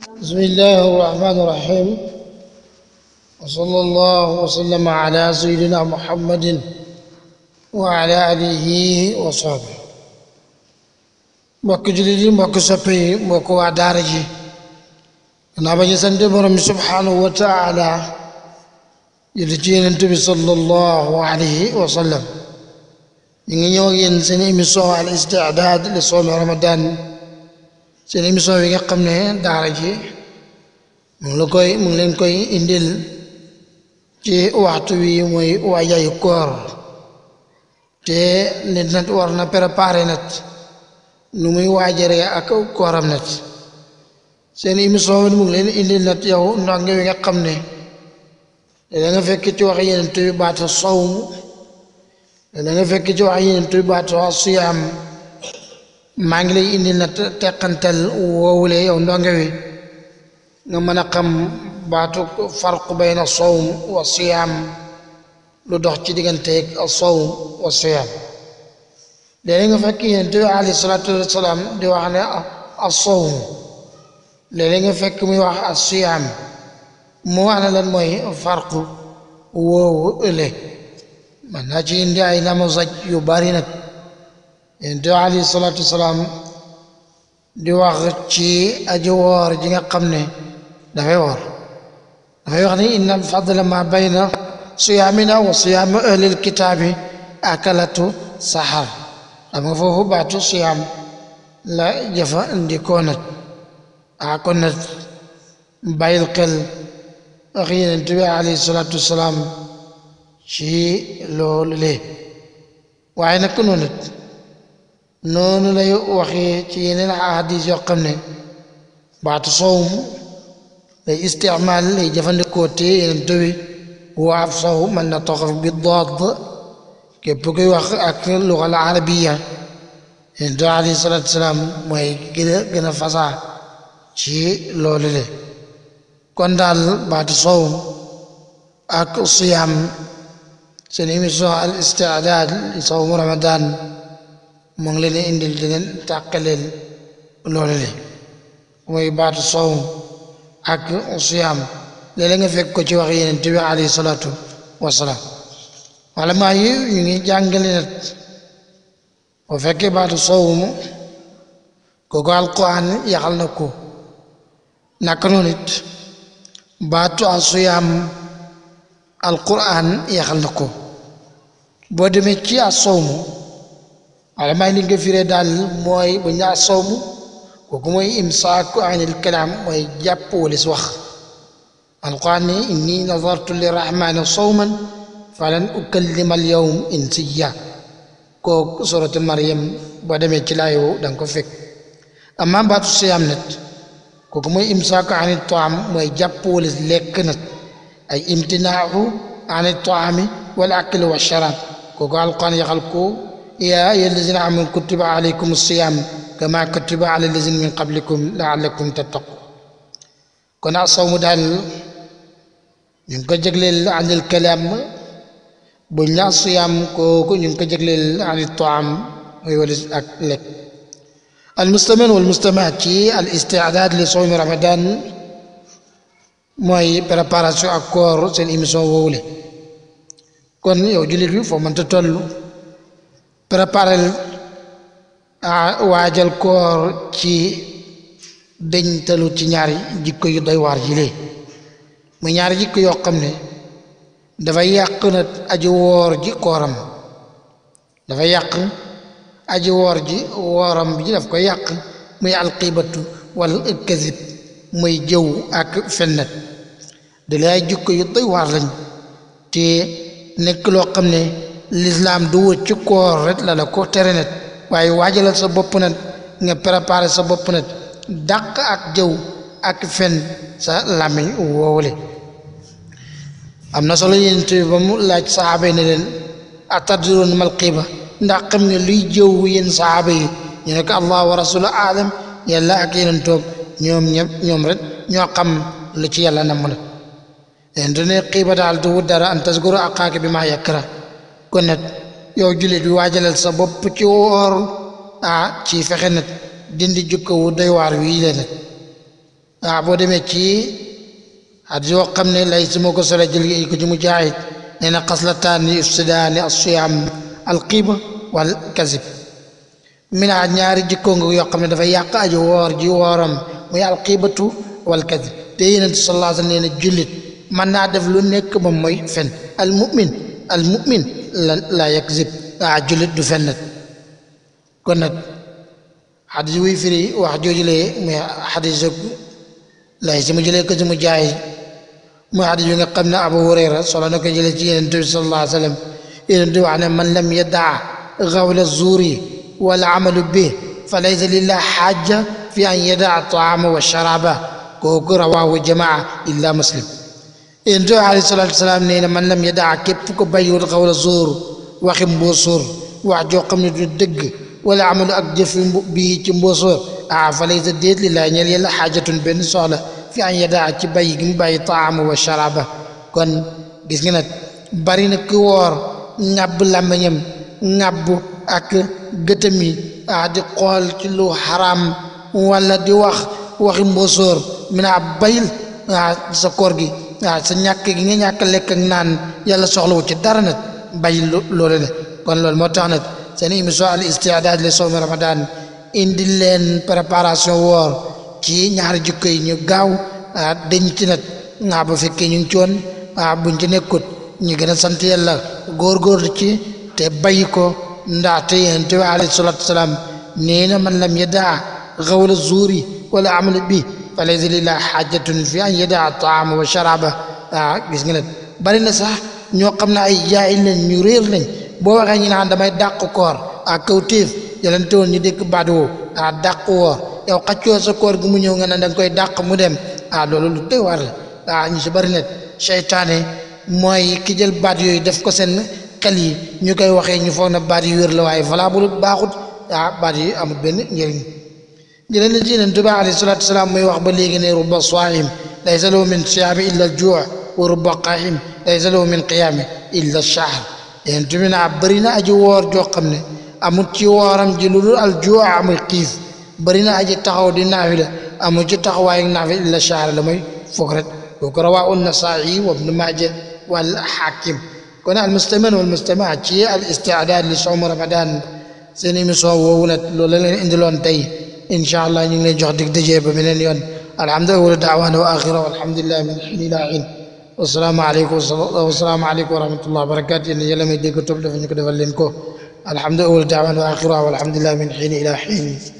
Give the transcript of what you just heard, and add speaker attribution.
Speaker 1: بسم الله الرحمن الرحيم وصلى الله وسلم على سيدنا محمد وعلى اله وصحبه مك جلدي مك سبي مك ودارجي انا بني سنت برم سبحانه وتعالى يلجين انت صلى الله عليه وسلم ان يوغين سنيم الاستعداد لصوم رمضان seen émission bi nga xam ne daara ji mu ngi koy mu ngi leen koy indil ci waxtu wi mooy waajaayu koor te nit nag war na préparer nag nu muy waajaree ak kooram nag seen émission mu ngi leen indil nag yow ndonge wi nga xam ne da nga fekk ci wax yeneen tuy baata sawm nga fekk ci wax yeneen tuy baata maa ngi lay indil na teqantal wowule yow ndonge wi nga mën a xam baatu farq bayna sawm wa siyam lu dox ci digganteeg sawm wa siyam léegi nga fekk yonent bi alayhi salatu wasalaam di wax ne asawm léeg-léeg nga fekk muy wax asiyaam mu wax ne lan mooy farq woowu ëllëg man naa ci indi ay namo zaj yu bari nag ينتو عليه الصلاة والسلام دي واغتشي أجوار جنة قمنة دفعي وار دفعي وغني إن الفضل ما بين صيامنا وصيام أهل الكتاب أكلته سحر أما فوه بعتو صيام لا جفا اندي كونت أكونت بايلقل أخي انتبه عليه الصلاة والسلام شي لولي ليه وعين كنونت نون لا يوخي شي نين احاديث يو خمن بعد صوم لي استعمال لي جفند كوتي دوي واف صوم من تخف بالضاد كي بوكي واخ اك اللغه العربيه ان دعاء عليه الصلاه والسلام موي غنا غنا فسا شي لولي كون دال بعد صوم اك صيام سنيمسو الاستعداد لصوم رمضان mu ngi leen indil di leen tàqaleel loolu le mooy baatu sawm ak siyaam léeg-léeg nga fekk ko ci wax yeneen bi alayhi salaatu wasalaam wala maa yi ñu ngi jàngale nag bu fekkee baatu sawmu kooku alquran yaxal na ko naka noonu it baatu asiyaam alquran yaxal na ko boo demee ci asawmu على ما نلقى في ردال موي بنيا صوم وكموي امساك عن الكلام موي جاب ولسوخ القرآن إني نظرت للرحمن صوما فلن أكلم اليوم إنسيا كوك سورة مريم بدمي تلايو دانكو فيك أما باتو سيام نت كوكموي امساك عن الطعام موي جاب ولس لكنت أي امتناعه عن الطعام والأكل والشراب كوكو القرآن يخلقو يا أيها الذين آمنوا كتب عليكم الصيام كما كتب على الذين من قبلكم لعلكم تتقون كنا صوم دال نين كو جيغليل عن الكلام بو نيا صيام كو نين كو جيغليل عن الطعام وي ولس لك المستمع والمستمع كي الاستعداد لصوم رمضان موي بريباراسيون اكور سين ايميسيون وولي كون يو جوليت فو مانتا تولو préparel waajal koor ci deñtalu ci ñaari jikko yu doy waar ji lee muy ñaari jikko yoo xam ne dafa yàq na aji woor ji kooram dafa yàq aji woor ji wooram bi def ko yàq muy alxiibatu wala kasib muy jëw ak fennet da lay jikko yu doy lañ te nekk loo xam ne l'islam du wut ci koor rek la la ko tere net waaye waajalal sa bopp nag nga préparé sa bopp nag dàq ak jëw ak fen sa lami woowule am na solo yénent bi ba mu laaj saxaaba yi ne leen atadroon mal xiiba ndax xam nga luy jëw yéen saxaaba yi ñu ne ko allah wa rasula alam yàlla ak yeneen toog ñoom ñëpp ñoom rek ñoo xam lu ci yàlla namm nag yéen ne xiiba daal du wut dara an tasgoro ak xaake bi maa yakkara kon nag yow jullit bi waajalal sa bopp ci woor ah ci fexe nag dindi jukko wu doy waar wii la nag ah boo demee ci at yoo xam ne lay su ma ko sole jël ko ci mujaahid nee na xaslataani ifsidaani asiyaam alxiiba wal kasib minaa ñaari jikko nga yoo xam ne dafa yàq aji woor ji wooram muy alxiibatu wal kasib te yénent sallallahu alayhi wa sallam nee na jullit mën naa def lu nekk moom mooy fen al mumin al mumin لا يكذب اعجل دفنت كنت حديث وي فري واخ جوجلي مي حديث لا يسمى جلي كزم جاي ما حديث نغا خمنا ابو هريره صلى الله عليه وسلم ان دعى من لم يدع غول الزور والعمل به فليس لله حاجه في ان يدع الطعام والشراب كوكر رواه جماعه الا مسلم انتو علي صلى الله عليه وسلم نينا من لم يدع كيب فكو بيو الغول زور وخي وحجو قمنا جو ولا عمل اكجف بيه كمبوصور اعفا ليس الديت لله نيل يلا حاجة بين صالة في ان يدع كيب بي باي طعام وشرابة كون بسنا بارين كوار نعب لامنيم نعب اك قتمي اعد قول كلو حرام ولا دي وخ وخي مبوصور من عبايل آه، سكورجي waaw sa ñàkk gi nga ñàkk lekk ak naan yàlla soxlawu ci dara nag bàyyi loolu la kon loolu moo tax nag seen émission al istiadaad li sawmi ramadan indi leen préparation woor ci ñaari jikko yi ñu gaaw ah dañ ci nag ah bu fekkee ñu ngi ci woon ah buñ ci nekkut ñu gën a sant yàlla góorgóorlu ci te bàyyi ko ndaxte yonent bi alayhi salaatu wasalaam nee na man lam yadaa xawla zuuri wala amal bi fa laysa lillahi xaajatun fi an yadaa wa sharaba ah gis nga ne bari na sax ñoo xam ne ay jaahil lañ ñu réer lañ boo ñu naan damay dàq koor ah kawtéef yaleen tewoon ñu dëkk badoo ah dàq woor yow sa koor gi mu ñëw nga ne da koy dàq mu dem ah loolu lu doy waar la ah ñu si bari na seytaane mooy ki jël baat yooyu def ko seen xel yi ñu koy waxee ñu foog na baat yi wér la waaye valable baaxut ah baat yi amul benn njëriñ جنن جن انتبع عليه الصلاة والسلام ميوخ بليغ رب صائم ليس له من صيام إلا الجوع ورب قائم ليس له من قيام إلا الشهر ينتمنا برنا عبرنا وار جو قمنا أمتي وارم جلول الجوع عمي قيف برنا أجي تخو دي نافلة أمتي تخو وايق نافلة إلا الشهر لما يفقرت وكروا النسائي وابن ماجه والحاكم كنا المستمن والمستمع تي الاستعداد لصوم رمضان سنين مسوا وولت لولا لين اندلون تي ان شاء الله ني لي جوخ ديك دجي با منين يون الحمد لله ولا دعوانا واخيرا والحمد لله من حين الى حين والسلام عليكم والسلام عليكم ورحمه الله وبركاته ني لا ما ديك توب دافا نكو ديفال لينكو الحمد لله ولا دعوانا واخيرا والحمد لله من حين الى حين